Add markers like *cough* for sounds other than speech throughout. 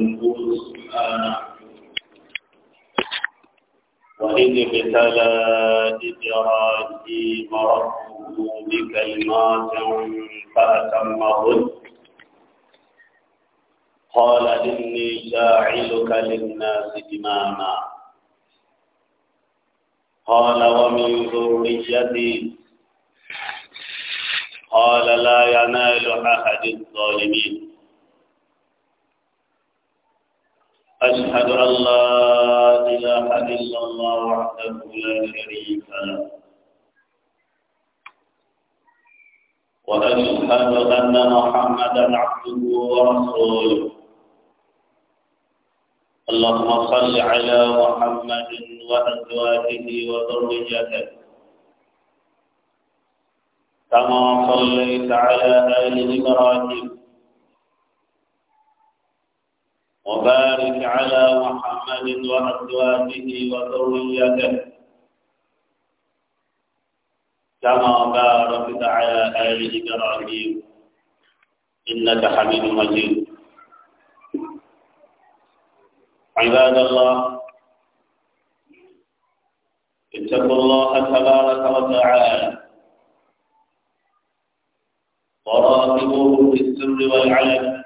وإن سبحانه وإذ ابتلى إبراهيم ربه بكلمات فأتمهن قال إني جاعلك للناس إماما قال ومن ذريتي قال لا ينال أحد الظالمين أشهد أن لا إله إلا الله وحده لا شريك له وأشهد أن محمدا عبده ورسوله اللهم صل على محمد وأزواجه وذريته كما صليت على آل إبراهيم وبارك على محمد وأزواجه وذريته كما باركت على آل إبراهيم إنك حميد مجيد عباد الله اتقوا الله تبارك وتعالى وراقبوه في السر والعلن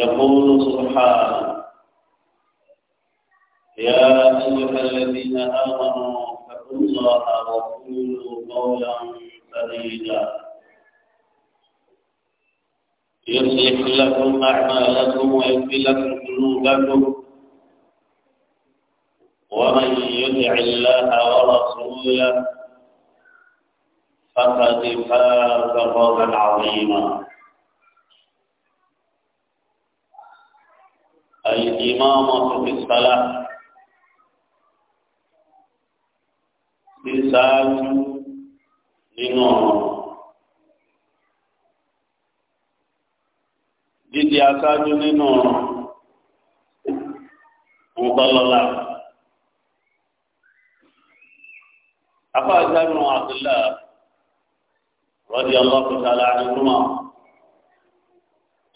يقول سبحانه يا أيها الذين آمنوا اتقوا الله وقولوا قولا سديدا يصلح لكم أعمالكم ويغفر لكم ذنوبكم ومن يطع الله ورسوله فقد فاز فوزا عظيما الإمامة في الصلاة sísáájú nínú ọ̀ràn. Dídi aṣáájú nínú ọ̀ràn ń tọ́lọ́lá. Afáàjánu Abdullah radiyallahu ta'ala anhuma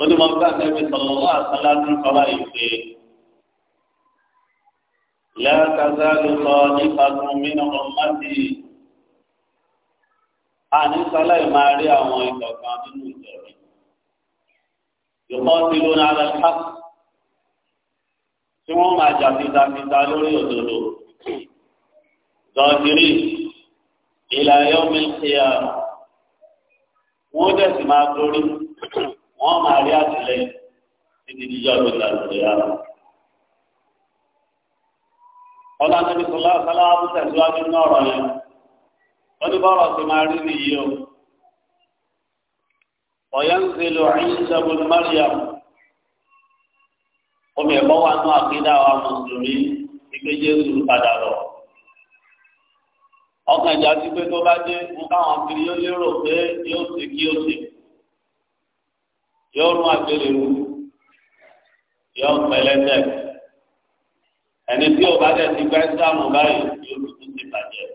olùmọ̀gbà nẹ́bí sọ̀lọ́wọ́ àtàlà ní sọ́lá ìpè lẹ́ẹ̀kazá ló sọ nípa tún mìíràn ọmọdé àní sọ́lá yìí máa rí àwọn ìkọ̀kan nínú ìjọba yòókọ́ sí lónà alẹ́ ká tí wọ́n máa jà fitafita lórí òdodo zọ́ọ̀kiri ìlà yọ̀mí ṣe àrùn wọ́n dẹ̀ sì máa torí. wọ́n máa rí àtìlẹ́yìn títí di yọ̀ọ́ lórí àtìlẹ́yìn yàrá. ọlá níbi sọlá sọlá abúlé síwájú ní ọ̀rọ̀ yẹn wọ́n ní bọ́ọ̀rọ̀ sì máa rí nìyí o. ọ̀yẹ́ ń ṣe lò ẹ̀yìn ṣẹ́gun Mariam omi ẹ̀kọ́ wa nú àkídá wa mùsùlùmí ike Jésù padà lọ. ọkàn ìjà sí pé tó bá dé mú káwọn yóò lérò pé yóò yóò rún agbèrè rú yóò pẹlẹsẹ ẹni tí o bá dẹ ti gbẹ sáàmù báyìí yóò fi tún ti bàjẹ́.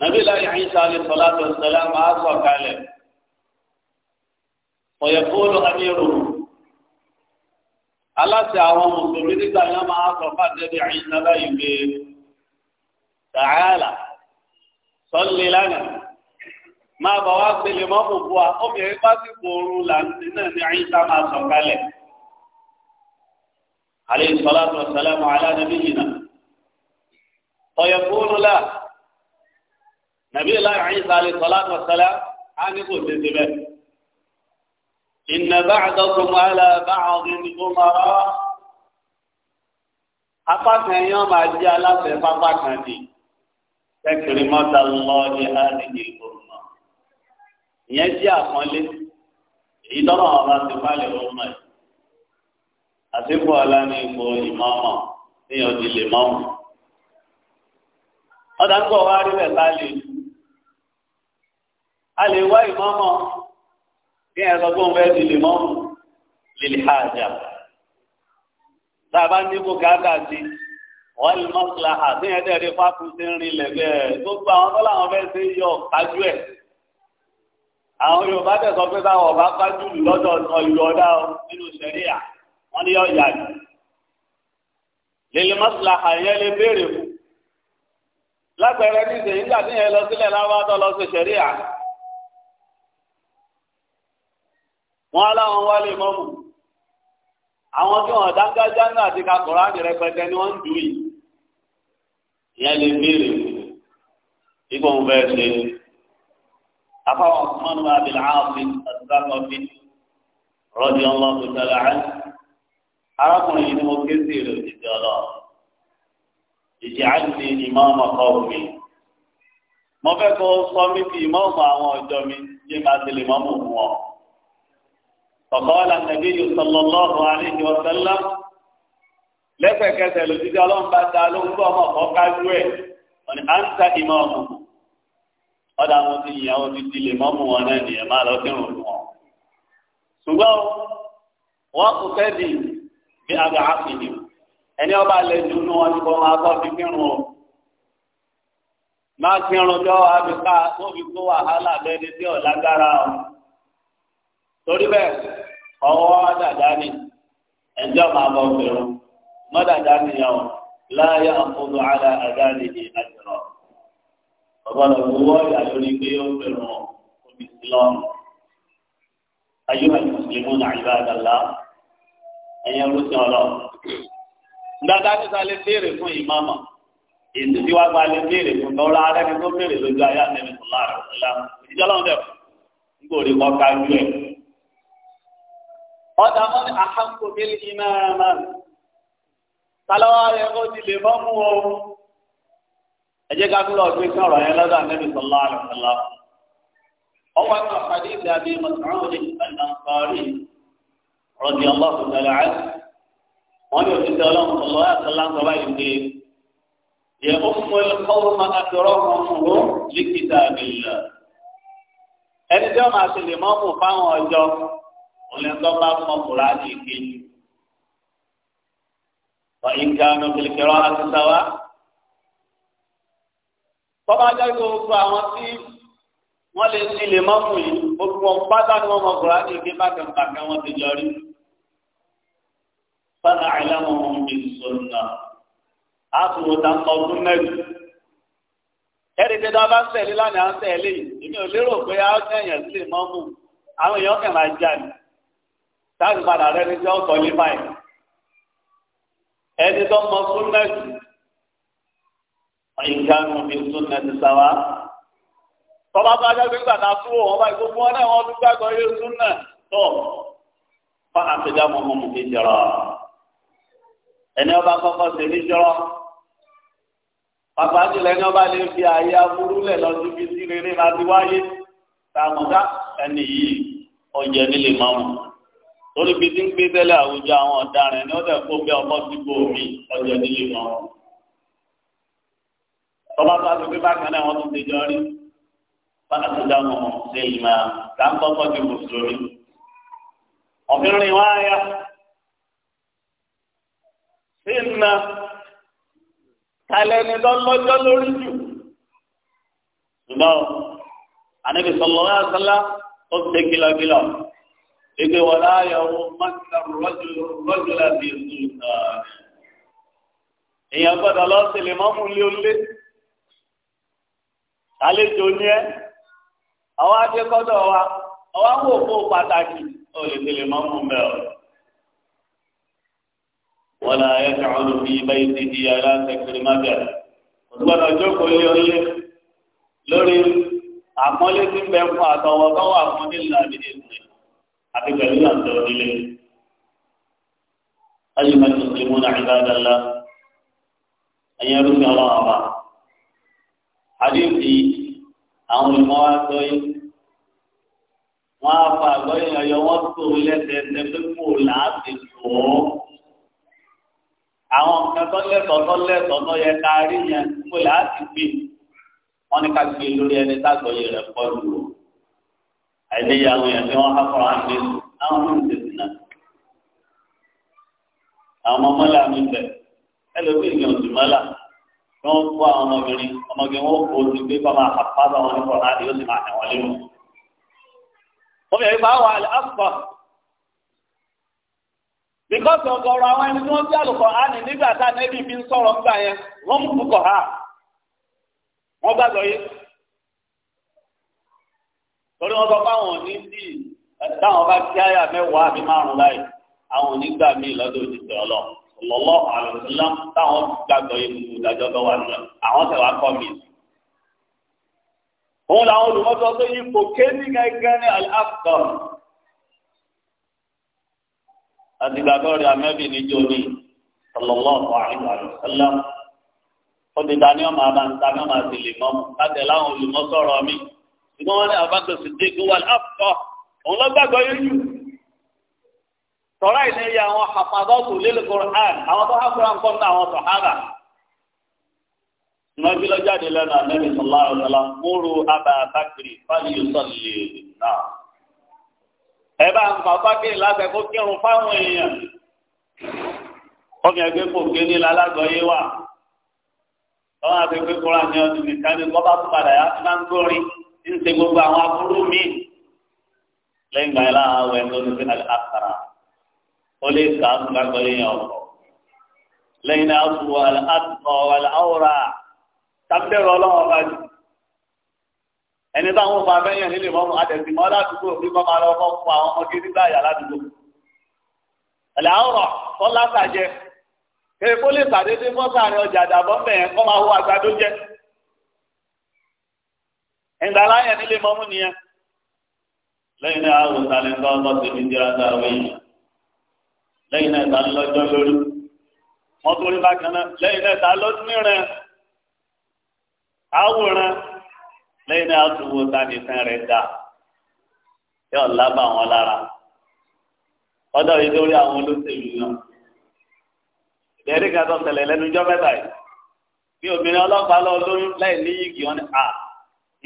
nàbí láyé àyíṣà alẹ́ sọlá tó sẹlẹ̀ máa sọ̀ kalẹ̀ ọ̀yẹ̀kọ́lù amírù aláṣẹ àwọn mùsùlùmí nígbà yẹn máa sọ fàdébí àyíṣà báyìí pé tààlà sọ́lé lánàá máa bọ̀ wá gbélé mọ́ òbu wa obìnrin bá sì kóoru làǹtí náà ní àyíká máa sọ̀ kalẹ̀. عليه الصلاة والسلام على نبينا فيقول لا نبي الله عيسى عليه الصلاة والسلام عن قتل إن بعضكم على بعض أمراء أقاك يوم أجي على سفاقك تكرمة الله هذه الأمة ìyẹn jẹ́ àpọ́nlé èyí tọ́lọ̀ ọba ti fáìlì ọmọ ẹ̀ àtìkù ọ̀la ní ipò ìmọ̀ọ́mọ̀ ní ọdí lè mọ́mù. ọ̀dà ń bọ̀ wá rí bẹ̀ tá a lè a lè wá ìmọ̀ọ́mọ̀ kí ẹ̀ sọ pé òun fẹ́ di lè mọ́mù lílì hájà. tá a ní kó káàkà sí wọ́n lè mọ́sílá àti ẹ̀dẹ́rẹ́ fáfúnṣe ń rin lẹ́gbẹ̀ẹ́ tó àwọn tó láwọn fẹ́ ṣe kájú ẹ̀ àwọn yorùbá tẹsán pé báwọn ọba pàjù lọ́dọ̀ ìlú ọdá nínú sẹríà wọn ní ọjà ni lèlè mọsùlá àyẹ lè béèrè fún lápẹẹrẹ ní ìsèyí nígbà tí yẹn lọ sílẹ̀ láwàtọ lọ sí sẹríà wọn aláwọn wálé mọmù àwọn tí wọn dáńgájá náà àti kakọrọ àmì rẹpẹtẹ ni wọn ń dùn yìí ìyẹn lè béèrè fún ìgbọ̀n bẹ́ẹ̀ ṣe afáwọn ọ̀sán ní abil aafin asakọfin rọ́dí ọlọ́ọ̀bù tẹ̀lé ẹ̀ arákùnrin yìí ni mo ké sí èrè òjijì ọlọ́ ìjì àti ìmọ̀ọ́mọ̀ kọ́ mi mo fẹ́ kó sọ mí ti ìmọ̀ọ́mọ̀ àwọn ọjọ́ mi yé máa ti lè mọ́mù fún ọ. ọ̀kọ́lá nàbí sallallahu alaihi wa sallam lẹ́sẹ̀kẹsẹ̀ lòjijì ọlọ́run bá ta ló ń bọ́ ọmọ kọ́ kájú ẹ̀ ọ̀nì à ń ta ìmọ̀ọ́mù. ọ̀dà wọn ti ìyàwó ó ti dilè mọ́mú wọn náà nìyẹn máa lọ sí ìrùn wọn. ṣùgbọ́n wọn kò fẹ́ di bí aga àfìdí ẹni ọba lè dunu wọn ti kọ́ máa kọ́ fi kírun o. máa kírun jọ abìká tó fi kó wàhálà o. torí bẹ́ẹ̀ ọwọ́ dàda ni ẹ̀jọ́ máa bọ̀ ọgbọ́dọ̀ wúwọ́ ìyàtọ̀ ní pé ó fẹ́ràn omi sí lọ́rùn. ayé wa ni mùsùlùmí náà ìbá àdàlá ẹ̀yẹ ló ti ọlọ́. dáadáa ti sálẹ̀ béèrè fún ìmáàmà èsì tí wàá gba lè béèrè fún lọ́rọ̀ ara ẹni tó béèrè lójú ayé àtẹ̀mí tó láàrọ̀ ọ̀la ìdíjọ́ lọ́wọ́ dẹ̀ nígbà òde kọ́ ká ju ẹ̀. ọ̀dà wọn ni àhánkò bíi ìmáàmà. talawa rẹ̀ ti lè mọ́ mú ọ ẹ jẹ́ ká tún lọ gbé sí ọ̀rọ̀ yẹn lọ́dọ̀ ànábì sọlá àlùfọlá ọwọ́ ẹ̀ka pàdé ìdí àbí mọ̀sáwọ́lì ẹ̀nàkọ́rì rọ̀dì ọlọ́ọ̀fù tẹ̀lé ẹ̀ wọ́n ní òṣìṣẹ́ ọlọ́run sọlọ́ àtàlá ń sọlá yìí pé yẹ ó mú ẹlẹ́kọ́rọ́ máa àtọ̀rọ̀ ọmọ líkìtà àbílẹ̀ ẹni tí wọ́n máa ṣe lè mọ́mù fáwọn ọjọ́ òlẹ́ńtọ́ bá mọ kùránì kejì wọ́n ń ga ọmọ kìlìkìrọ́ àti sáwá tọ́ba jẹ́ gbogbo àwọn tí wọ́n lè ti lè mọ́ fún yìí gbogbo wọn pátá ni wọ́n mọ kùránì ké bákan bákan wọn ti yọrí. fana àìlànà wọn bí sọ̀nà á tún wò tá ọdún mẹ́rin. ẹ̀rí pé tá bá ń lánàá ń èmi ò lérò pé a ń tẹ̀yàn sí lè mọ́ mú àwọn èèyàn kàn máa jà ní. táàbì padà rẹ ní tí wọ́n sọ ní báyìí. ẹni tó mọ fún mẹ́rin ìkànnì òbí súnà ti sáwá. tọ́ba bá dá gbégbà náà fún òun ọba ìgbógun ọ̀nà wọn tún gbàgbọ́ ilé súnà tọ̀ fún àfẹ́dá mọ́mọ́mù fi jọrọ. ẹni ọba kọ́kọ́ sì ní jọrọ. bàbá jùlọ ẹni ọba lè fi ààyè aburú lẹ̀ lọ síbi sí rere máa ti wáyé. tààmùdá ẹni yìí ọjà nílé mọ́mù torí bí ti ń gbé tẹ́lẹ̀ àwùjọ àwọn ọ̀daràn ni ó kó bẹ́ ọmọ síbò mi ọjọ́ nílé mọ́mù tọ́ba tó a ti gbé bákan náà wọ́n tún ti jọ rí bákan tó dáhùn ọ̀hún ṣe ìmọ̀ tá ń kọ́kọ́ ju mùsùlùmí. ọ̀bìnrin wa ya sí ìnà kalẹ̀ ní lọ́lọ́jọ́ lórí jù. ṣùgbọ́n ànábì sọ̀lọ́ wá sọ́lá ó ti ṣe kìlọ̀kìlọ̀ ìgbé wọn láàyè ọ̀hún mọ́tà rọ́jò láti ìlú ìtàn. èèyàn gbọ́dọ̀ lọ́ọ́ sílẹ̀ mọ́mú lé olé àlejò ni ẹ àwọn adékọ́dọ̀ wa ọwọ́ kò kó pàtàkì ó lè tẹ̀lé mọ́ fún bẹ́ẹ̀ o. wọ́n náà yẹ kí àwọn olùfi báyìí ti di aláǹtẹ̀kiri má bẹ̀rẹ̀ òtúbọ̀dọ̀ jókòó lé oyé lórí àpọ́nlé tí ń bẹ fún àtọwọ́ tó wà fún nílùú àbídẹ́sẹ̀ àti pẹ̀lú àtọ̀ nílé. ayé ma tó ṣe múna ìbádàlá ẹ̀yẹ rúbí ọlọ́wọ́ wa àdéhùn àwọn olùmọ̀ wa sọ yìí wọn á fa àgbọyé ọyọ wọn tó lẹsẹẹsẹ pé kò láti tó àwọn nǹkan tó lẹsọ tó lẹsọ tó yẹ ká rí yẹn kò láti gbé wọn ní ká gbé lórí ẹni tágbọyé rẹ pọ̀ lù ú àìléyàwó yẹn tí wọn á fọ àmì àwọn ọmọ ìdèdè náà àwọn ọmọ mọlẹ àmì bẹ ẹlòmíì ní wọn kó àwọn ọmọbìnrin ọmọge wọn kó ti gbé bàbá àpáta wọn ní kọlá yóò sì máa tẹwọn lérò wọn bẹ̀rẹ̀ bá wà lásìkò bíkọ́sì ọgọ́rọ̀ àwọn ẹni tí wọ́n bí àlùkò hánì nígbà tá a nẹ́bí fi ń sọ̀rọ̀ nígbà yẹn wọ́n mú bukọ̀ ha wọ́n gbàgbọ́ yé torí wọn sọ pé àwọn òní sí táwọn bá kí àyà mẹ́wàá àbí márùn-ún láì àwọn onígbà míì lọ́dọ̀ òjijì ọlọ́run lọ́lọ́ àlùsílá táwọn gbàgbọ́ yìí gbogbo ìdájọ́ tó wà nínú àwọn tẹ̀wá kọ́ mi. òun làwọn olùmọ́tò tó yí kò ké ní gẹ́gẹ́ ní aláàtọ̀. àtìgbàgbọ́ rẹ̀ amẹ́bí níjó ní sọlọ́lọ́ àlùsílá ọdún ìdáni ọmọ àbá ń tani ọmọ àti lè mọ láti láwọn olùmọ́sọ̀rọ̀ mi. ìgbọ́n wọn ní àbákẹ́sì dé gbówà láàpọ̀ òun lọ gbàgbọ́ yóò tọ́lá yìí ní yà àwọn àpàdọ́tò lílù Qur'an àwọn tó hàkúrà nǹkan náà àwọn sọ̀hádà. Nàbí lọ jáde lẹ́nu ànábì sallallahu alaihi wasallam múru Abà Bákìrì fáyì sọ̀lì náà. Ẹ bá ń fa Bákìrì láti ẹ̀kọ́ kírun fáwọn èèyàn. Ọmọ ẹgbẹ́ kò gé ní lálágbọ̀ọ́yé wa. Wọ́n á fi ní ọdún nìkan ní tó padà yá gbogbo àwọn mi. Lẹ́yìn wọ́n lè kà á sùn lágbàlẹ́ yẹn ọ̀pọ̀ lẹ́yìn náà sùn wà látọ̀ wà láwùrà tábìlẹ̀rọ̀ ọlọ́wọ́ bá jù ẹni táwọn fa abẹ́yẹn nílé mọ́mú àtẹ̀sìmọ́ ládùúgbò bí wọ́n máa lọ́kọ́ fún àwọn ọmọdé nígbà yà ládùúgbò làárọ̀ tọ́lá sàjẹ́ èèpo lè sàdédé fọ́sàrin ọjà àdàbọ̀ bẹ̀yẹn kọ́ máa wọ àgbàdo jẹ́ ìdàlá nílé mọ́mú nìyẹn lẹ́yìn lẹ́yìn náà ta ń lọ́jọ́ lórí wọ́n tó rí bákan náà lẹ́yìn náà ta lọ́dún mìíràn àwòrán lẹ́yìn náà àtúwò tani fẹ́ rẹ̀ dà yóò lábà wọn lára ọ̀dọ̀ yìí lórí àwọn olóṣèlú náà ìdẹ́rì kan tó tẹ̀lé lẹ́nu jọ́ mẹ́ta yìí bí obìnrin ọlọ́pàá lọ lóyún lẹ́yìn ní yìgì wọn ni à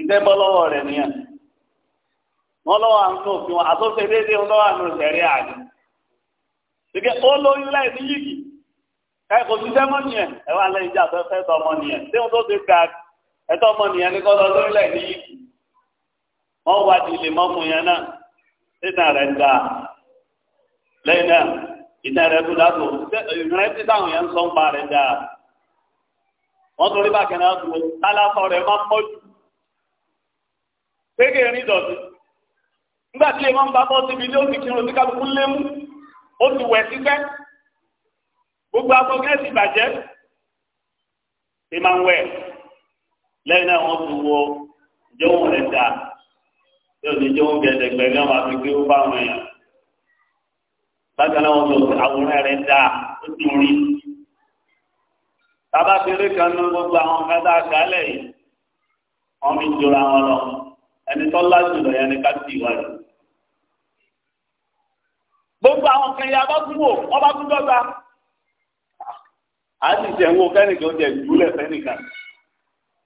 ǹdẹ́ bọ́ lọ́wọ́ rẹ̀ nìyẹn wọ́n lọ́wọ́ àwọn òfin wọn àtúnṣe déédéé wọn lọ́wọ́ àwọn òṣèré àná Ìgbẹ́ ó lóyún láì ní yìí. Ẹ kò sí sẹ́mọ́ nìyẹn. Ẹ wá lẹ́yìn ìjà tó fẹ́ tọmọ nìyẹn. Ṣé o tó ti gbà ẹtọ́ ọmọ nìyẹn ní kọ́ lọ lóyún láì ní yìí? Wọ́n wá di ilé mọ́mú yẹn náà. Títà rẹ̀ ga. Lẹ́yìn náà, ìtà rẹ̀ kú dáàbò. Ìrìn títà àwọn yẹn ń sọ ń pa rẹ̀ dáa. Wọ́n torí bákẹ́ náà tó tálákọ̀ rẹ̀ máa mọ́jú. Gbégé rí dọ̀tí. Nígbà tí ìmọ̀ ń bá bọ́ síbi ilé ó ti kírun sí kálukú lé mú ó ti wẹ̀ sígbẹ́ gbogbo agbọ gẹ́sì bàjẹ́ ṣe máa ń wẹ̀ lẹ́yìn náà wọ́n ti wọ jẹ́wọ́n rẹ̀ dà yóò ní jẹ́wọ́n gẹ̀ẹ́dẹ̀gbẹ̀ náà wà fi gbé ó bá wọn yàn bákan náà wọ́n ti àwòrán rẹ̀ dà ó ti rí tábà fèrè kan ní gbogbo àwọn kátà àkálẹ̀ yìí wọ́n fi jọra wọn lọ ẹni tó lájú yẹn ni ká ti wá yìí gbogbo àwọn kan yà bá tún wò wọ́n bá tún dọ́gba. a ti jẹ wo kẹ́nìkan jẹ ìjúlẹ̀ fẹ́nìkan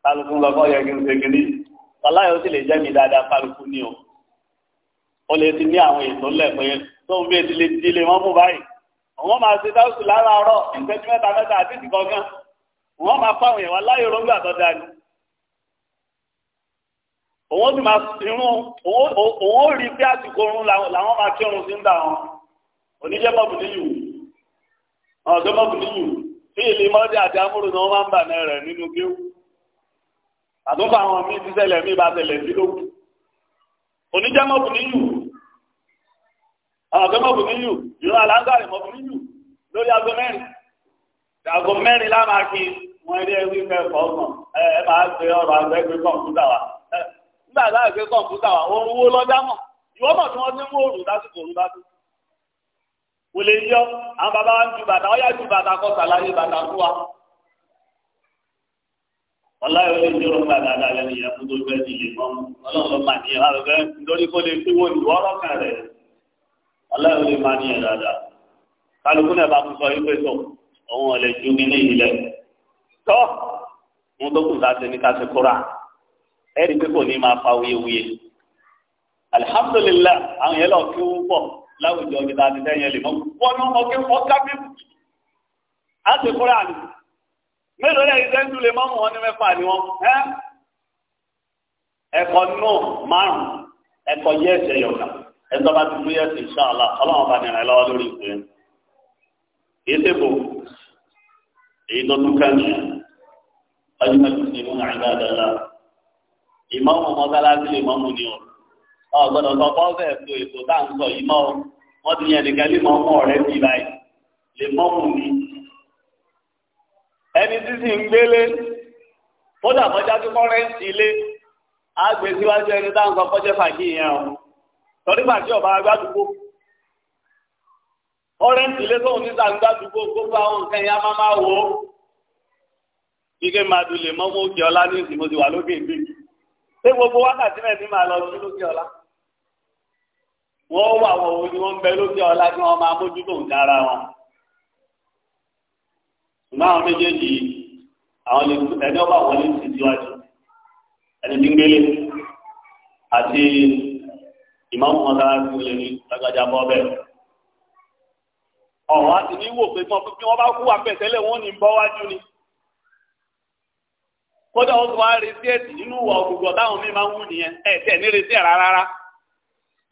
kálukú lọ́kọ́ yẹ kí n ṣe kiri aláyọ̀ ó sì lè jẹ́ mi dáadáa kálukú ní o o lè ti ní àwọn ètò lẹ́pẹ́ tó ń bẹ́ẹ̀ tilé tilé wọ́n mú báyìí wọ́n máa ṣe dáhùn lára ọ̀rọ̀ ìṣẹ́jú mẹ́ta mẹ́ta àti ìdìkọ̀ọ̀kan wọ́n máa fáwọn èèyàn aláyọ̀ òróǹgbà tó dáa ni òun ó sì máa irun òun ó rí pé àsìkò oorun làwọn máa kírun sí ń dà wọn oníjẹ́ mọ̀bùníyù ọ̀dọ́ mọ̀bùníyù tí ìlú mọ́dé àti amúrò náà máa ń bà náà rẹ̀ nínú kéwù àtúntò àwọn míì ti ṣẹlẹ̀ míì bá ṣẹlẹ̀ sí lókù oníjẹ́ mọ̀bùníyù ọ̀dọ́ mọ̀bùníyù ìlú alágbàrè mọ̀bùníyù lórí aago mẹ́rin aago mẹ́rin lá máa kí wọ́n rí ẹwí mẹ́fọ́ ọ̀sán ẹ máa gbé ọ̀rọ̀ àgbẹ̀gbẹ̀ kọ̀ǹpútà wa nígbà láàgbé kọ̀ǹpútà wa òun wo lọ́jà mọ̀ ìwọ́mọ̀ tí wọ́n ti ń wó òrùn lásìkò òrùn kò lè yọ àwọn bàbá wa ń ju bàtà ọ̀yà ju bàtà kọ́ sàlàyé bàtà fún wa. ọláyọ̀ lè ní ọ̀rọ̀ gbàgbà dáadáa ní ìyàpò tó fẹ́ ti lè mọ́ ọlọ́run ló máa ní ẹ̀rọ àlọ́ fẹ́ lórí kó lè tí wọ́n ìwọ́ ọ̀rọ̀ kan rẹ̀ ọláyọ̀ lè máa ní ẹ̀rọ dáadáa kálukú náà bá sọ yí pé tó òun ju mi ní ilẹ̀ tọ́ mo tó kù sáà ní ká kóra ẹ̀rí pé kò ní máa fa wuyewuye alihamudulilayi àwọn yẹn lọ kí wọ́n pọ̀ láwùjọ mi láti sẹ́yìn lè mọ́ wọnú ọkẹ́ ọ̀gá bíbù á ti kúrò àná mélòó lẹ́yìn sẹ́ńtù lè mọ́mù wọn ní mẹ́fà ni wọn ẹ́ ẹ̀kọ́ nù márùn ẹ̀kọ́ yẹ ẹ̀sẹ̀ yọ̀ọ̀ká ẹ̀tọ́ bá ti mú yẹ ẹ̀sẹ̀ ìṣàlá ọlọ́run bá nìyẹn lọ́wọ́ lórí ìpè kì í èyí tó tún kàn yẹn ọjọ́ mẹ́tò sí ìmú àìdáadáa ìmọ̀mù mọ́tálásí lè mọ́mù ni ọ̀rọ̀ ọ̀gbọ́dọ̀ sọ fọ́ọ̀fẹ́ tó ètò tá à ń sọ yìí mọ́ ọ wọ́n ti yẹn nìkan lè mọ ọmọ rẹ bí báyìí lè mọ́mù ni. ẹni sísìn ń gbélé kódà kọjá tó kọ́rẹ́ǹtì ilé á gbé síwájú ẹni tá à ń sọ kọ́jẹ́ fàájì yẹn o torí fàájì ọba agbádùgbò kọ́rẹ́ǹtì ilé tóun ní sàgbádùgbò gbogbo àwọn nǹkan yẹn á má má wò ó. ike màdùn lè mọ́mú òkè ọlá ní ìsìn mo ti wà lókè ìgbé ṣé gbogbo wákàtí náà ní lọ sí lókè ọlá wọ́n wà wọ́n wo ni wọ́n ń bẹ lókè ọ̀la kí wọ́n máa mójútó nǹkan ara wọn. ṣùgbọ́n àwọn méjèèjì àwọn lè ẹni ọba wọlé sí síwájú ẹni tí ń gbélé àti ìmáàmù kan sára sí olè ní lágbájá bọ́ bẹ́ẹ̀. ọ̀rọ̀ àti ní wò pé bí wọ́n bá kú àpẹ̀tẹ́lẹ̀ wọ́n ní bọ́ wájú ni. kódà ó tún wá retí ẹ̀sìn nínú ìwà ògùngàn táwọn mí máa ń wù nìyẹn ẹ̀ tẹ̀ ní retí ẹ̀ rárá rárá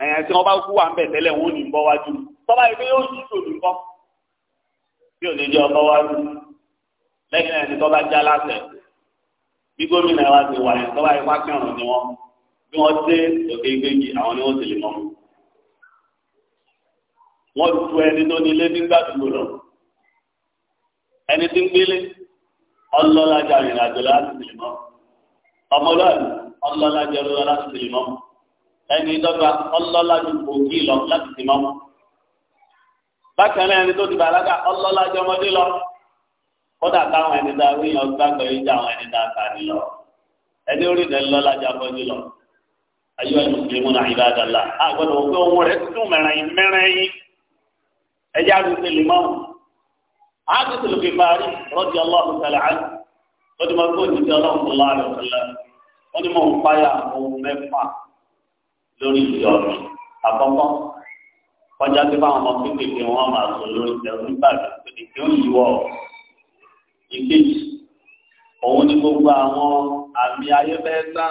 ẹ̀yìn tí wọ́n kú wà ń bẹ̀ tẹ́lẹ̀ wọn ò ní bọ́ wájú tọ́ba yìí pé yóò jí tò ní bí ò ní jẹ́ wájú lẹ́yìn náà ni tọ́ba já láṣẹ bí gómìnà wa ti wà yẹn tọ́ba yìí wá kẹrùn ni wọ́n bí wọ́n dé òkè ìgbégi àwọn ni wọ́n ti lè mọ́ wọ́n tu ẹni tó ní ilé nígbà tó lọ ẹni tí ń gbélé ọlọ́lájà ìrìnàjò láti lè mọ́ ọmọlúwàbí ọlọ́lájà ìrìnàjò láti lè mọ́ ẹni dọ́gba ọlọ́lájú òkì lọ láti tì mọ́. bákan náà ẹni tó ti bàlágà ọlọ́lájú ọmọdé lọ kódà káwọn ẹni dáa wíyàn ọgbà pẹ̀lú ìjà àwọn ẹni dáa kàní lọ ẹni orí ìdẹ́lẹ́ lọ́lájú ọmọdé lọ. ayé wa mùsùlùmí náà ìlú àdàlà àgbọ̀dọ̀ òkè ohun rẹ̀ tún mẹ́rin mẹ́rin ẹjẹ́ àgùntàn lè mọ́ àgùntàn lè fi parí rọ́ọ̀dì ọlọ́run tẹ̀lé àgbẹ̀ lọ́dún mọ́ lórí ìyọ̀nù àkọ́kọ́ kọjá pé báwọn ọmọ kékeré wọn máa sọ lórí ìtẹ̀wé nígbà tó ní kí ó yíwọ́ ìkejì òun ni gbogbo àwọn àmì ayébẹ́ẹ́sá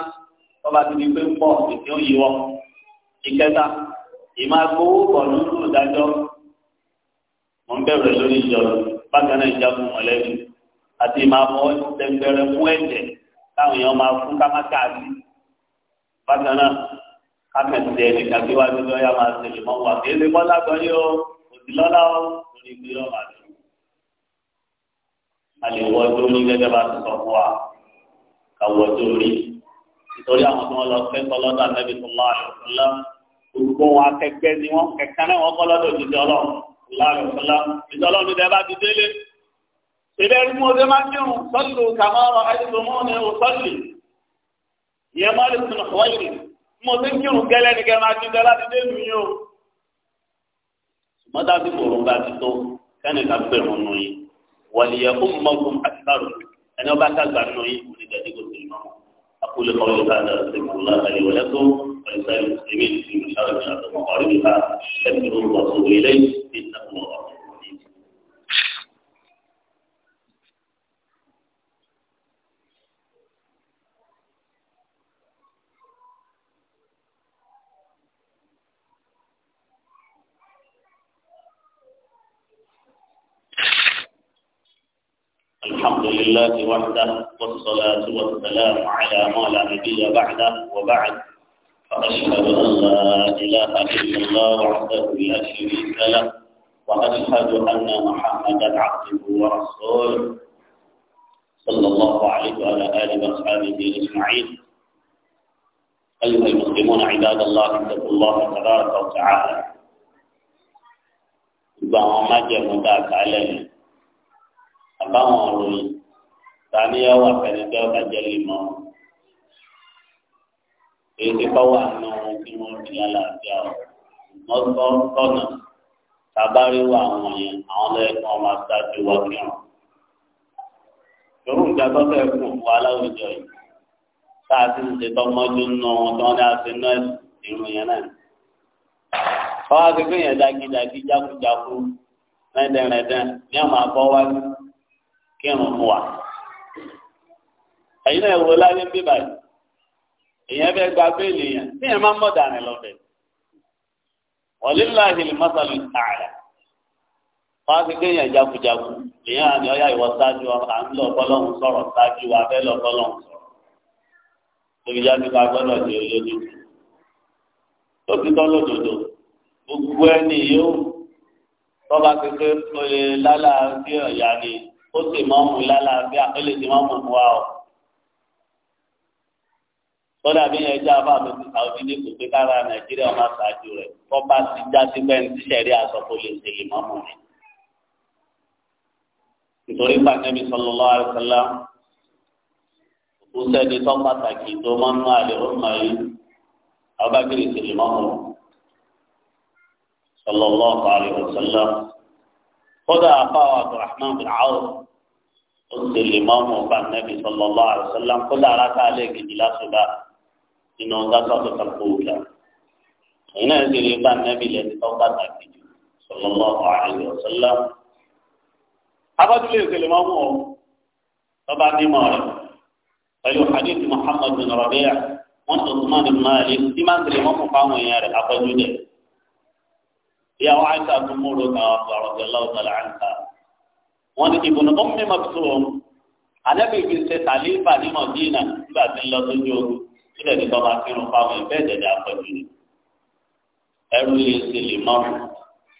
tọ́ba ti di pé ń pọ̀ ìkí ó yíwọ́ ìkẹta ìmá gbowó pọ̀ lórí ìdájọ́ mo ń bẹ̀rẹ̀ lórí ìjọba bákan náà ìjagun mọ̀lẹ́bí àti ìmá tẹ̀gbẹ̀rẹ̀ fún ẹ̀jẹ̀ táwọn èèyàn máa fún kámákàá sí bákan náà kámẹ́tì ẹni kàbí wá bí lọ́yà máa tẹ̀lé mọ́ wà kí ẹni bọ́lá gbọ́yé o kò sí lọ́lá o lórí ibi yóò máa dùn. a lè wọ ọdún ní gẹ́gẹ́ bá ti sọ fún wa ká wọ ọdún rí nítorí àwọn tí wọ́n lọ kẹ́kọ̀ọ́ lọ́dọ̀ àtẹ́bí tó máa lọ fún lọ gbogbo wọn akẹgbẹ́ ni wọn kẹkẹ náà wọn kọ́ lọ́dọ̀ òjijì ọlọ́run fún lọ ìtọ́lọ́run tẹ bá ti mo ti ń kírun gẹ́lẹ́ ní kẹ́ máa ti dẹ́ láti dé ìlú yìí o. ṣùgbọ́n dábì kòrò bá ti tó kẹ́ni ká bẹ̀rù nù yín wàlíyà ó mọ fún àtìbárò ẹni ọba kágbà nù yín kò ní dàdí kò sí ìmọ̀ أقول قولي هذا أستغفر الله لي ولكم ولسائر المسلمين في مشاركة أعظم وأقاربها أستغفر الله وأتوب إليه وحده والصلاة والسلام على ما لا نبي بعده وبعد فأشهد أن لا إله إلا الله وحده لا شريك له وأشهد أن محمدا عبده ورسوله صلى الله عليه وعلى آله وأصحابه أجمعين أيها المسلمون عباد الله اتقوا الله تبارك وتعالى gbogbo àwọn májẹ̀mú tá a kà àbáwọn òròyìn tani yọ wà fẹni tẹ ọta jẹ limọ èyí kọ wà nù kí wọn fi lálàáfíà ọ mọtò tọnà tabari wà wọn yẹn àwọn lẹẹkan ọmọ aṣáájú wà kírun yòówù ìjà tó fẹẹ kù fún aláwùjọ yìí tá a ti ń ṣe tọmọdé nù tí wọn ní a ti yẹn náà fọwọ́ akékeré yẹn dagidagi jákujáku rẹ́ndẹ̀rẹ́ndẹ̀ ní àwọn àbọ̀wá kírun fún wa ẹ̀yin náà wò láyé ń bí báyìí èèyàn fẹ́ gba béèlì yẹn tí yẹn máa ń mọ̀dà rẹ̀ lọ́bẹ̀ wàlíláhi masalu ààrẹ wọn á ti gbé yẹn jagunjagun èèyàn àni ọyá ìwọ ṣáájú à ń lọ bọ́lọ́hún sọ̀rọ̀ ṣáájú wa fẹ́ lọ bọ́lọ́hún sọ̀rọ̀ tóbi jáde ká gbọ́dọ̀ di olódodo tó ti lódodo gbogbo ẹni yóò tọ́ba ti pé lálàáfíà yá ni ó sì mọ́ mu lálàáfíà ó lè ti mọ́ mu wa o kọ́dà bí yẹn jẹ́ àbá mi ti sàwọn ilé kò pé kára nàìjíríà máa ṣáájú rẹ̀ kọ́ bá ti já sí bẹ́ẹ̀ ní sẹ́rí àsọ̀kò lè ṣe lè má mọ̀ rẹ̀. nítorí pàtẹ́bí sallallahu alaihi wasallam kò sẹ́ni tó pàtàkì tó máa ń máa lè rọ́ọ̀mà yìí abákiri ṣe lè má mọ̀ rẹ̀. sallallahu alaihi wasallam kọ́dà àbá Abdurrahman bin Awf ó ṣe lè má mọ̀ pàtẹ́bí sallallahu alaihi wasallam kọ́dà arákàlẹ̀ kejìlá ṣùgbọ́n nínú ọgá sọtọ sàkó òkè ẹ̀yin náà sì rí bá nẹbi lẹni tó bá tàbí jù sallallahu alaihi wasallam. abájúlé ìṣẹ̀lẹ̀ máa mú ọ lọba bímọ rẹ pẹ̀lú hadith muhammad bin rabi'a wọn tó súnmọ́ ní maali tí máa ń tẹlẹ mọ fún fáwọn èèyàn rẹ afọjú dẹ ìyàwó àìsà tó múlò náà ọ̀rọ̀ jẹlọ́wọ́ tọ́lá àìsà wọn ní ibùdó ọmọ mi máa fi wọn anábìyí ti ṣe tàlífà ní mọ̀dínà nígbà tí ń lọ sójú ogun sílẹ̀ nípa bá ti rún fáwọn ẹ̀fẹ́ ìdẹ̀dẹ̀ àpọ̀jù ni ẹrú yìí ti lè mọ́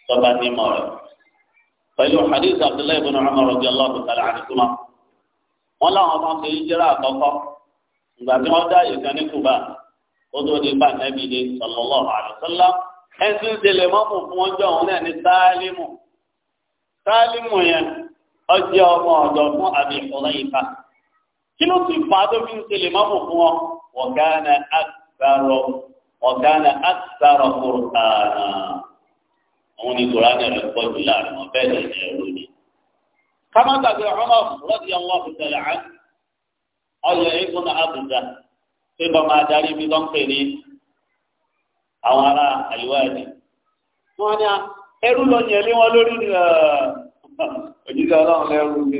tọ́ba ní mọ́ rẹ̀ pẹ̀lú hadith abdullahi ibn umar radiyallahu ta'ala anhuma wọn làwọn máa ń ṣe ìjírà àkọ́kọ́ ìgbà tí wọ́n dá ìkan ní Kùbá ó tó di bá nẹ́bí ní sallallahu alaihi wasallam ẹ̀sìn ìṣẹ̀lẹ̀ mọ́mù fún ọjọ́ òun náà ní Sálímù Sálímù yẹn ọjọ́ ọmọ ọ̀dọ̀ fún àbí ìfọ̀lẹ́yìn ká kí ló sì fà á tó fi ń ṣẹlẹ̀ má bò fún ọ ọ̀gáàna àgbàrọ̀ ọ̀gáàna àgbàrọ̀ kúrò tààrà àwọn ní kòránì rẹ̀ pọ̀ jù láàrin wọn bẹ́ẹ̀ lè ní ẹ̀rọ ni. kámá gbàgbé ọmọ rọ́ọ̀dì àwọn ọ̀fìsẹ̀lẹ̀ á ọyọ ẹ̀gbọ́n àbùdá pé bọ́mọ adarí bí tó ń pè ní àwọn ará àyíwá ẹ̀dì. wọ́n ní ẹrú lọ yẹ̀lé wọn lórí *laughs* òjijì ọlọ́run lẹ́rú mi.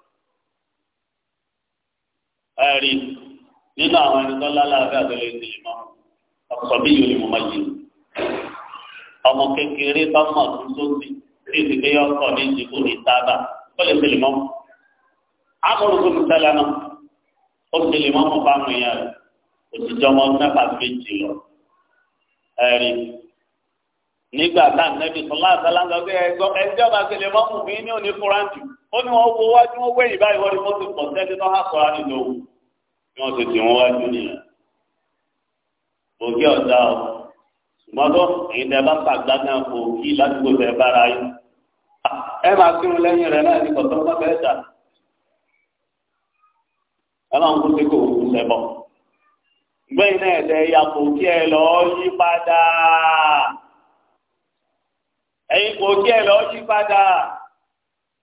ẹ̀rí nínú àwọn ẹni tó lálàáfíà tó lè di ìmọ̀ ọ̀sọ̀ bí yòó ni mo máa yí ọmọ kékeré tó mọ̀ tó sóbì tí èsì pé yọ ní ìdìbò ní sábà ó lè tẹ̀lé mọ́. tẹ́lẹ̀ náà ó tẹ̀lé lọ ẹ̀rí nígbà tá nẹ́bi sọ pé ẹgbọ́ ẹgbẹ́ ọba tẹ̀lé mọ́ mi ní òní fúráǹtì ó ní wájú wẹ̀yìn báyìí wọ́n pọ̀ wọn sì tì wọn wájú nìyẹn òkè ọ̀dà o mọ́tò èyí tẹ bá pàgbà náà kò kí ládùúgbò tẹ bára yìí ẹ máa kírun lẹ́yìn rẹ̀ náà ní kọ̀tọ́ bá fẹ́ dà ẹ máa ń kó sí kò kú sẹ́bọ̀ gbẹ̀yìn náà ẹ̀dẹ̀ ya kò ẹ lọ yí padà ẹ̀yin kò ẹ lọ yí padà.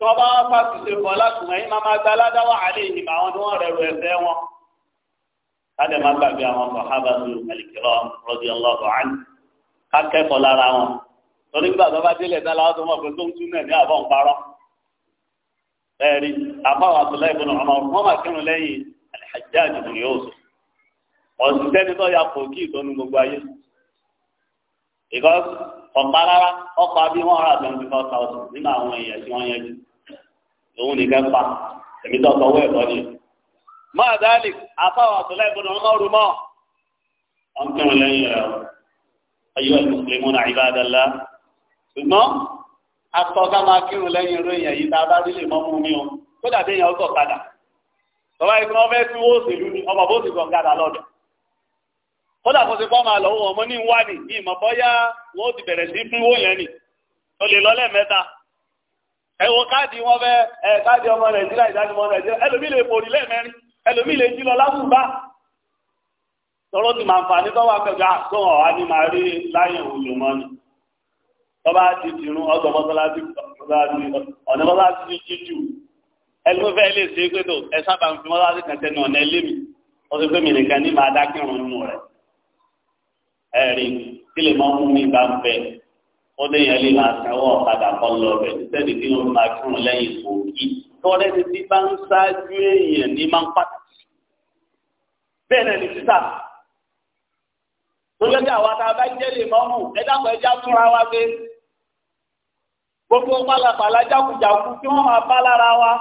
tọ́ba fásitì kan látùmọ̀ yín máa máa gba aládáwà àlẹ́ yìí mà àwọn tí wọ́n rẹ̀ rù ẹ̀fẹ́ wọn. káde máa gbàgbé àwọn sọ̀hábà ní rọ́bì àní kákẹ́kọ̀ọ́ lára wọn. torí gbà tó bá dá láwọn tó mọ̀ pé tó ń tún ní àbọ̀ ń parọ́. ẹ̀rí àfáwọn àtúlẹ̀ ìbùnú ọmọ wọn máa kírun lẹ́yìn ya ìkọ́ ọ̀pá rárá ọ̀pá bí wọ́n rà twenty four thousand nínú àwọn èèyàn tí wọ́n lòun nìkan pa èmi tó sanwó ẹ̀kọ́ ni. máa dáàlì afáwọ̀ àtúlá ìbùdó ọmọ ọdún mọ́. wọ́n kí wọn lẹ́yìn rẹ̀ ayé wa mùsùlùmí náà ìbádàlá. ṣùgbọ́n atọ́ká máa kí wọn lẹ́yìn rẹ̀ yẹn yìí tá a bá rí lè mọ́ mú mi o kó dàbí èèyàn ọkọ̀ padà. bàbá yìí kí wọ́n fi wọ́ọ̀sì lù ní ọmọ bóòsì kan kádà lọ́dọ̀. kó ti pọ́ máa lọ́wọ́ ọmọ ní wá ìmọ̀ bọ́yá wọ́n ti bẹ̀rẹ̀ sí fún wó yẹn ni. o lè lọ ẹ̀wọ̀n káàdì wọn fẹ́ ẹ̀ káàdì ọmọ nàìjíríà ìdájọ́ ọmọ nàìjíríà ẹlòmíì lè borí lẹ́ẹ̀mẹ́rin ẹlòmíì lè jí lọ lábùbá tọ́rọ́ ti máa ń fa ní tọ́wọ́ akẹ́kọ̀ọ́ àtọ́wọ́ ah, wa ní máa rí láyé òòlù mọ́ ti dìrún ọgbọ̀n mọ́sálásí ọ̀nà mọ́sálásí ti jí jù ẹlòmíì fẹ́ lè ṣe é pé tó ẹ sábà ń fi mọ́sálásí kan tẹnu ọ̀nà ilé mi pé mi nìkan ní máa dákìrún nù rẹ̀ ẹ̀rí kí lè mọ́ mú mi bá ó lè yẹn lè máa sanwó ọ̀kadà kan lọ bẹ̀ sẹ́ni tí wọ́n máa kírun lẹ́yìn òkì tọ́lẹ́ ti ti bá ń ṣáájú èèyàn ní máa ń pàtàkì bẹ́ẹ̀ náà ni títà lórí ẹgbẹ́ àwa tá a bá jẹ́ lè mọ́ mú ẹ dákọ̀ ẹja fúnra wa pé gbogbo pálapàla jákujàku kí wọ́n máa bá lára wa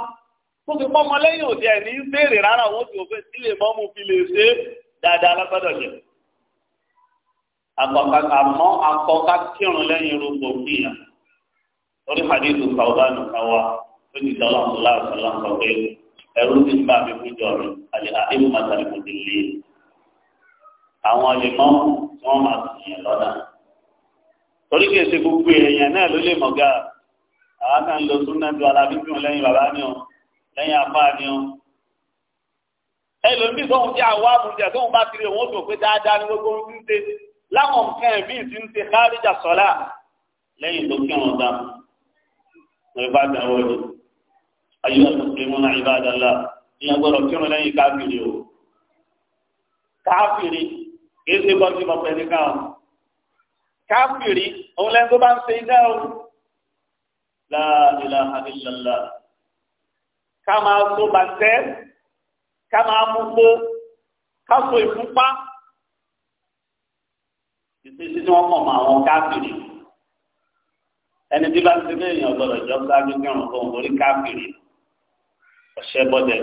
tó fi pọ́ ọmọ lẹ́yìn òde ẹ̀ ní béèrè rárá owó tí òfin sílè mọ́ fi lè ṣe dáadáa lọ́gbọ́dọ̀ yẹn akọka àmọ́ akọka kírun lẹ́yìn irúgbó fìyà orí hadithu sàwùdánù káwa ó ti sọlá ọ̀sọ̀lá ọ̀sọ̀lá sọ pé ẹrú ti ń bá mi kú jọ rẹ àlè àdéhùn máa tàbí kò ti lé àwọn lè mọ tí wọn máa sùn yẹn lọ́dà torí kìí ṣe gbogbo èèyàn náà ló lè mọ̀ gá àwọn kan lọ súnà ju alábíbí wọn lẹ́yìn bàbá ni ọ lẹ́yìn afá ni ọ ẹlòmíì sọ̀hún tí àwọn àbújá sọ̀hún bá kiri òun ó dùn pé dáadáa ni gbogbo ohun ti ń ṣe láwọn nǹkan ẹ̀mí ti ń ti kárìjà sọ́lá lẹ́yìn tó kí wọn dá ìbá dáwọ́ ọdún ayé wọn tó mú náà ìbá dàlá ìyẹn gbọ́dọ̀ kí wọn lẹ́yìn káfíìrì o káfíìrì kìí ṣe bọ́ sí ọ̀pẹ nìkan o káfíìrì òun lẹ́yìn tó bá ń ṣe iná o la ilaha ká máa tó bàtẹ́ ká máa mú gbó ká so ìfúnpá ìṣesí tí wọ́n mọ̀ mọ́ àwọn káfìrí ẹni tí bá ti lé èèyàn gbọ́dọ̀ jọ sáájú kírun fún orí káfìrí ọ̀ṣẹ́ bọ́dẹ̀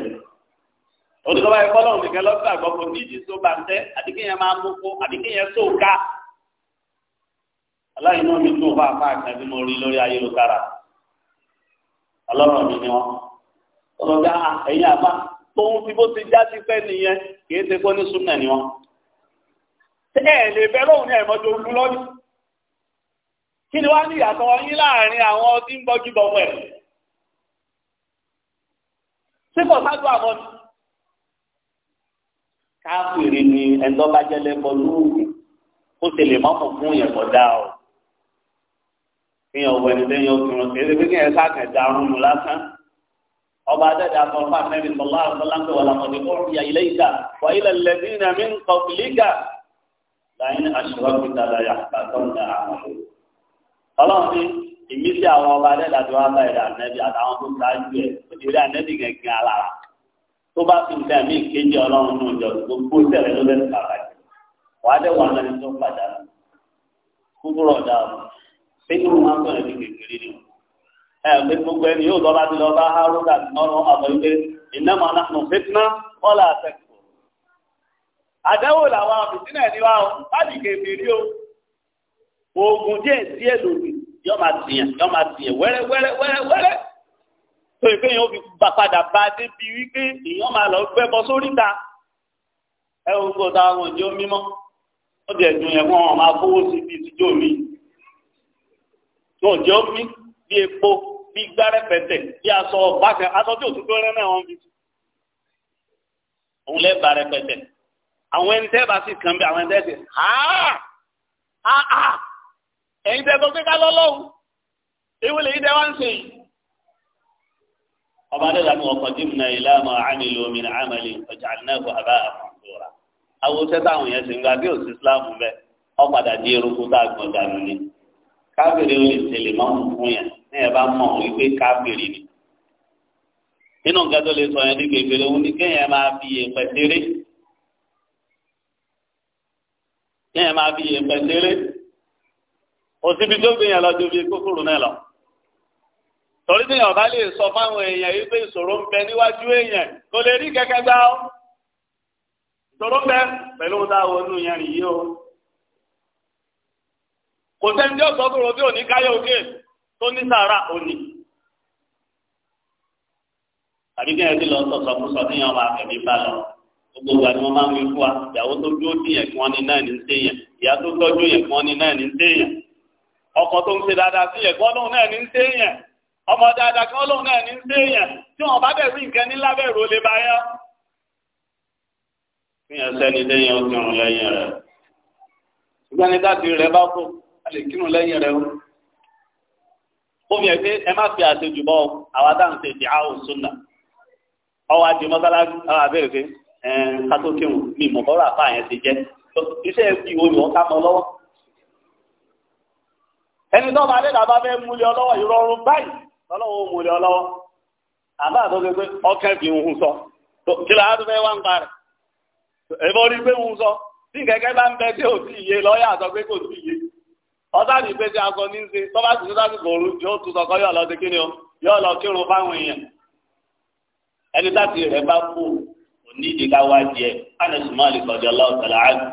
olùdókòwò ẹ̀kọ́ lọ́wọ́ nìkan lọ́sọ̀ àgbọ̀kọ̀ níjì tó bá ń tẹ́ àdìgẹ́yẹn máa mú kó àdìgẹ́yẹn tó ká aláìní omi tó bá apá kan tí mo rí lórí ayélujára ọlọ́run mi ni wọ́n ọlọ́gá ẹ̀yìn àbá tóun fi bó ti já sí fẹ́ nìyẹn kì í ṣe kó ní súnmọ̀ ni wọ́n ẹ̀ lè bẹ́ lóhùn ní ẹ̀mọ́jọ olú lọ́dún kí ni wá ní ìyàtọ̀ yín láàrin àwọn tí ń bọ́jú bọ̀mọ̀ ẹ̀ ṣé kò sáájú àmọ́ ni káfíìrì ni ẹ̀ńdọ́ bá jẹ́ lẹ́kọ̀ọ́ lóògùn ó ṣe lè mọ́kàn fún yẹn dá o fihàn wọ ẹni lẹ́yìn ọkùnrin èdè pé kí ẹ káàkiri da ọrùn mu lásán ọba adẹ́dẹ́ afọlọ́fà mẹ́rin sọlá àfọláńtò wà lámọ̀dé kọ́ọ̀rù yà ilé ìgbà láyé aṣọ́rọ́kì tààlà yàtọ̀ tọ́lá àwọn ọ̀rọ̀. ọlọ́run ní ìmísí àwọn ọba adẹ́dàdúrà bá ẹ̀rẹ̀ ànẹ́bí àtàwọn tó ṣáájú ẹ̀ òdìrí ànẹ́bí gẹ̀gẹ́ alára tó bá fi nǹkan mí kéjì ọlọ́run nù jọ gbogbo tẹ̀lé ló bẹ́ẹ̀ bàbá jù wàá dẹ̀ wà lẹ́ni tó padà kúkúrò ọ̀dà o pété wọn máa ń sọ̀rọ̀ ní ẹ pé gbogbo ẹni yóò lọ́ba ti lọ́ba hárúdà nọ́rọ̀ àbọ̀ ilé ìnáwó anáhùn fitna wọ́n là á tẹ̀k àdáwò làwọn àbùsínà ẹni wa ọ láti kèmí rí o oògùn díẹ̀ díẹ̀ lòdì yọ máa tìyàn yọ máa tìyàn wẹ́rẹ́ wẹ́rẹ́ wẹ́rẹ́ wẹ́rẹ́ tó ìfẹ́ yẹn ó fi padà bá a débi wípé èèyàn máa lọ gbẹ́bọ sórí ta ẹ wo kó ta àwọn òjò mímọ́ ó jẹ́ dùn yẹn wọ́n máa fowó sí bí ìtìjọ́ mi wọn jẹ́ omi bí epo bí gbárẹ́pẹ̀tẹ̀ bí aṣọ bákan aṣọ tí òtútù rẹ́ náà wọ́n fi òun lẹ́ẹ̀ bá àwọn ẹni tẹ́ bá sì kàn bí àwọn ẹni tẹ́ sì ha ha ẹ̀yin tẹ́ sọ pé ká lọ́lọ́hùn ewu lè yí tẹ́ wá ń sè yìí. ọba dẹ́la ni wọ́n kọjú mi náà ilé àmọ́ àmì lómi ní àmì lè ọjà náà kó àbá àmọ́sọ́ra. àwọn oṣẹ́ táwọn yẹn ti ń gba bí òsì Islam bẹ́ẹ̀ ọ padà di eruku tá a gbọ́n dànù ni. káfíìrì olè tẹ̀lé máa ń fún yẹn ní ẹ̀ bá mọ̀ wípé káfíìrì ni. nínú nǹkan tó lè sọ yẹn ní kékeré òun ni kéèyàn máa fi èèpẹ̀ ṣeré yẹn máa fi yẹn pẹ̀sẹ̀rẹ̀ òsibí tó gbìyàn lọ ju bí kókòrò náà lọ. torí tí yọ̀ọ̀bá lè sọ fáwọn èèyàn yìí pé ìṣòro ń bẹ níwájú èèyàn kò lè rí kẹ́kẹ́ gbá ọ́ ìṣòro ń bẹ pẹ̀lú ohun táwọn onú yẹn rìn yìí o. kò sẹ́ni tí ó sọ kúrò tí ò ní tó ní sàárà òní. àbí kí ẹ ti lọ sọ̀sọ̀ fún sọ gbogbo àti wọn máa ń wí fún wa ìyàwó tó dúró sí yẹn kí wọn ní náà ní ṣe yẹn ìyá tó tọ́jú yẹn kí wọn ní náà ní ṣe yẹn ọkọ tó ń ṣe dáadáa sí yẹn kí wọn lóun náà ní ṣe yẹn ọmọ dáadáa kí wọn lóun náà ní ṣe yẹn tí wọn bá bẹ̀ sí nǹkan ní lábẹ́rù ó lè bá yá. fíyàn sẹ́ni lẹ́yìn ọ̀sìn ọ̀run lẹ́yìn rẹ̀ ṣùgbọ́n ní dáàbì rẹ̀ bá kó a lè kírun lẹ́yìn rẹ̀ o. omi ẹ̀fẹ́ ẹ má fi àṣejù bọ́ àwa dáhùn ṣe ìdí àwọn òṣùnà ọwọ́ àti mọ́sálásí àwọn àbẹ̀rẹ̀ kátó ẹni tó bá bá fẹ́ múlẹ̀ ọlọ́wọ́ ìrọ̀rùn báyìí lọ́lọ́wọ́ múlẹ̀ ọlọ́wọ́ àbá tó ṣe pé ọkẹ́ fi ń hun sọ kí lóò tó fẹ́ wá ń pa rẹ̀ ẹ̀bọ́ rí pé ń sọ tí kẹ̀kẹ́ bá ń bẹ tí ò sí iye lọ́ọ̀yà sọ pé kò sí iye ọ̀sá ní pé tí a kọ ní ṣe tó sì tó sásìkò òru yóò tún sọkọ yóò lọ sí kí o yóò lọ kírun fáwọn èèyàn ẹni láti rẹ̀ bá kú onídìí ká wá díẹ̀ Anas Malik radiyallahu ta'ala anhu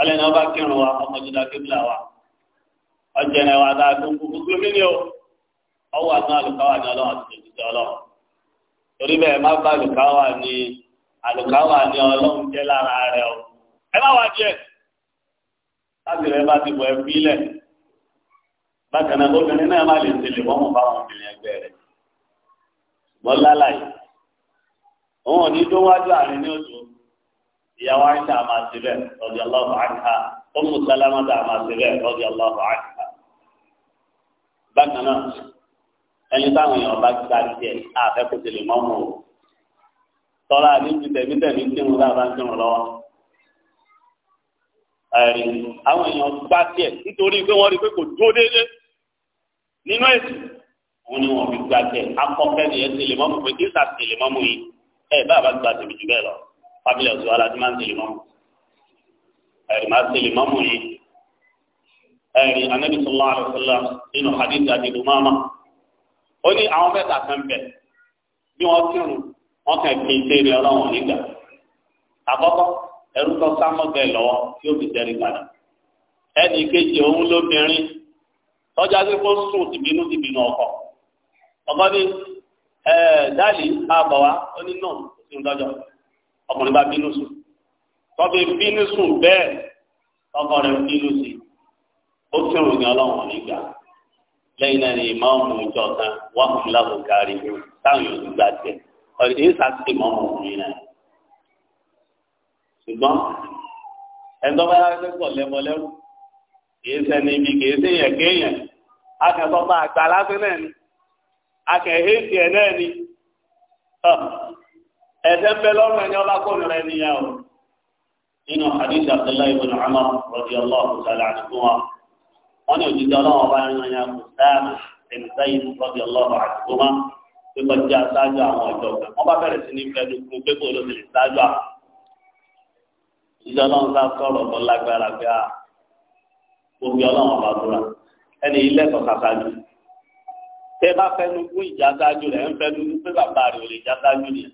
alẹ́ ní wọ́n bá kírun wa ọmọ jìnnà kébìlà wa ọjọ́ náà wà dá tó ń kú gbogbo mí ni o ọwọ́ àtúnwá àlùkáwà ní ọlọ́run àti ìdíjẹ́ ọlọ́run torí bẹ́ẹ̀ má bá àlùkáwà ní àlùkáwà ní ọlọ́run jẹ́ lára rẹ o ẹ má wá díẹ̀ láti rẹ bá ti bọ̀ ẹ fílẹ̀ bákan náà obìnrin náà má lè tẹ̀lé wọ́n mọ̀ báwọn obìnrin ẹgbẹ́ rẹ̀ mọ́lá láyé òun ò ní tó wájú àárín ní oṣù ìyàwó àìsà àmà síbẹ̀ ọ̀dì aláwọ̀ àìsà ọmọ sálámàtà àmà síbẹ̀ ọ̀dì aláwọ̀ àìsà. bákan náà ẹni táwọn èèyàn bá ti dárí díẹ̀ àfẹ́kù ti lè mọ́mú o tọ́lá àdéhùn tẹ̀mítẹ̀mí tí mo dábàá ń tẹ̀wọ̀n lọ́wọ́. ẹ̀rí àwọn èèyàn gbá tiẹ̀ nítorí pé wọ́n rí pé kò dúró déédéé nínú èsì wọn ni wọn fi gbá ẹ bá a bá gba tèmi jù bẹ́ẹ̀ lọ fábílì ọ̀sùn aláàdì máa ń tẹ̀lé mọ́mù ẹ̀rì máa tẹ̀lé mọ́mù yìí ẹ̀rì anabi sọlá àlùfọlá nínú hadith àdìgbò máma ó ní àwọn mẹ́ta kan bẹ̀ bí wọ́n kírun wọ́n kàn fi tẹ̀lé ọlọ́wọ̀n nígbà àkọ́kọ́ ẹ̀rú tó sámọ́gbẹ́ lọ́wọ́ tí ó fi tẹ̀lé padà ẹnì kejì òun lóbìnrin tọ́jà pé kó sùn tìbínú tìbínú ọkọ ọkọ ní dáàlì àbọ̀ wa ó ní náà kò sí ìdájọ́ ọkùnrin bá bínú sùn tọ́bi bínú sùn bẹ́ẹ̀ ọkọ rẹ̀ bínú sí ó tún ìròyìn ọlọ́run nígbà lẹ́yìn náà ni ìmáàmù ìjọ kan wà fún láàbò kárí táwọn yóò gbà jẹ ọ̀rẹ́ èyí sàtì ìmáàmù ọkùnrin náà ṣùgbọ́n ẹ̀ńtọ́ bá yára pẹ́pọ̀ lẹ́mọlẹ́rú kì í sẹ́ni ibi kì í sẹ́yìn kéèyàn akẹ́kọ̀ọ́ bá àgbà lásán náà ni. akẹ̀hẹ́ sí ẹ̀ náà ni ẹ̀sẹ̀ ń bẹ lọ́rùn ẹni ọlá kò nira ẹni ya o nínú hadith abdullahi ibn umar radiyallahu ta'ala wọn pé àwọn ọjọ́ ọ̀gá wọn bá bẹ̀rẹ̀ sí ní fẹ́ẹ́ pé kò ló ti lè sáájú à a òbí ọlọ́wọ́ bá tẹ bá fẹnu gún ìjà sáájú rẹ ń fẹnu gún pé bàbá rẹ ò lè já sáájú nìyẹn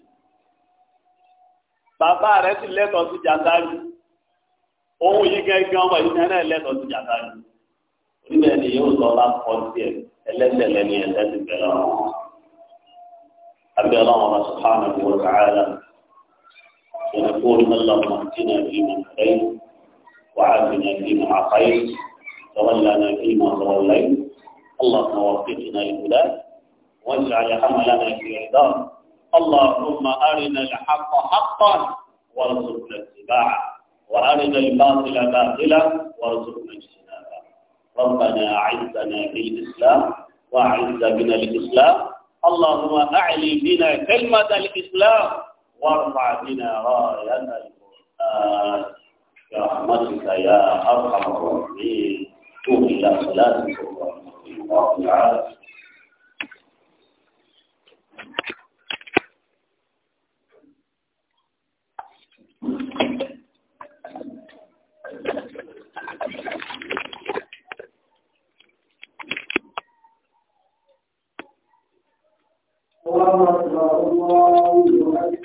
bàbá rẹ sì lẹ́tọ̀ọ́ sí já sáájú ohun yìí gẹ́gẹ́ ọmọ yìí náà lẹ́tọ̀ọ́ sí já sáájú oníbẹ̀ ni yóò lọ bá kọ́ sí ẹ ẹlẹ́sẹ̀ lẹ́ni ẹlẹ́sìn bẹ̀rẹ̀ ọ̀hún abẹ́ ọlọ́run ọba sùpáàmù ìwọ sàárà ìrìn fún ọlọ́run àtìnà ìmọ̀ àfẹ́ wàhálà ìmọ̀ àfẹ́ tọ́wọ́lá ìmọ̀ àfẹ́ اللهم وفقنا للهدى واجعل حملنا في رضاك اللهم أرنا الحق حقا وارزقنا اتباعه وأرنا الباطل باطلا وارزقنا اجتنابه ربنا أعزنا بالإسلام وأعز بنا الإسلام اللهم أعلي بنا كلمة الإسلام وارفع بنا راية القرآن برحمتك يا أرحم الراحمين توب إلى اللهم Allah Allah Allah